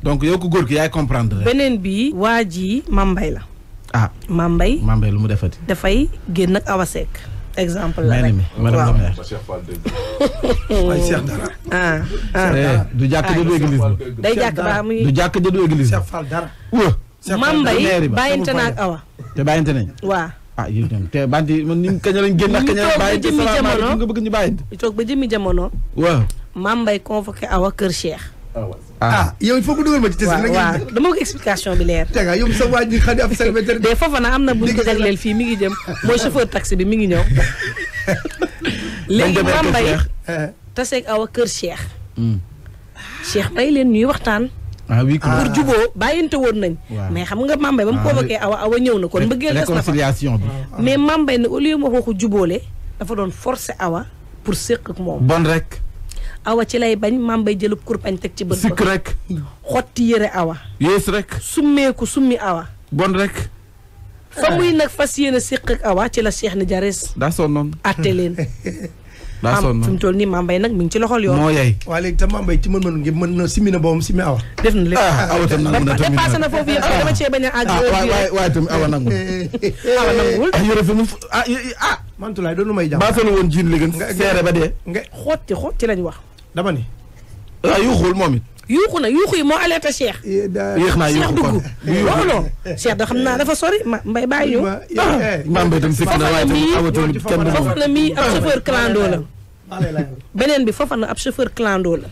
donc yow ko góor ki yaay comprendre. beneen bi waa ji Mambay la. ah Mambay. Mambay lu mu defati. dafay génn ak Awa Seck exemple la rek waaw waaye Cheikh Dara. ah ah, ah. du jàkk ah, du day jàkk ba muy du jàkk du église bi. Cheikh Fall na ak Awa. te bàyyante nañ. waaw. ah yéen itam te bànti man ni génn ak kañ lañ bàyyi ci salaamaaleykum nga bëgg ñu bàyyi. toog ba jëmi jamono. waaw. Mambay convoqué Awa kër Cheikh. Ah, ah. ah yow il faut que dugal ma ci test dama bëgg explication bi leer. dégg nga yow sa waa de foofa nag am na bu ñu ko jagleel fii mi ngi jëm mooy chauffeur taxi bi mi ngi ñëw. léegi Mame eh, eh. taseeg awa kër Cheikh. Hmm. Cheikh bay leen ñuy waxtaan. ah oui pour juboo bàyyante woon nañ mais xam nga Mame Mbaye ba mu ah, convoqué awa awa ñëw na kon mbëggeel des na mais Mame Mbaye ne au lieu ma waxu juboole dafa doon forcer awa pour séq ak moom. bon rek. awa ci lay bañ maam bay jëlub kurpañ teg ci bët sikk rek xotti yëre awa yées rek summeeku summi awa bon rek fa muy nag fas yéene siq ak awa ci la Cheikh ni jarees daa sonnoon atte leen daa sonnoon fi mu toll nii maam bay nag mi ngi ci loxol yoon moo yay waaye ci mën mën ngi mën na simi na simi awa def ah, ah. cee bañ a àgg ah, awa mu ah ah mantulaay may jàmm baa solo woon jiin léegi ba dee nga xotti xot ci lañ wax dama ni. ah yuuxuwul moom it. yuuxu na yuuxu yi moo alerté Cheikh. yéex naa yuuxu kon Cheikh dugg waxuloo. Cheikh da xam naa dafa sori mbay bàyyi ñu. mbaa mbay tam fekk na waaye tamit amatul kenn. foofa na mii ab chauffeur clando la. beneen bi foofa na ab chauffeur clando la.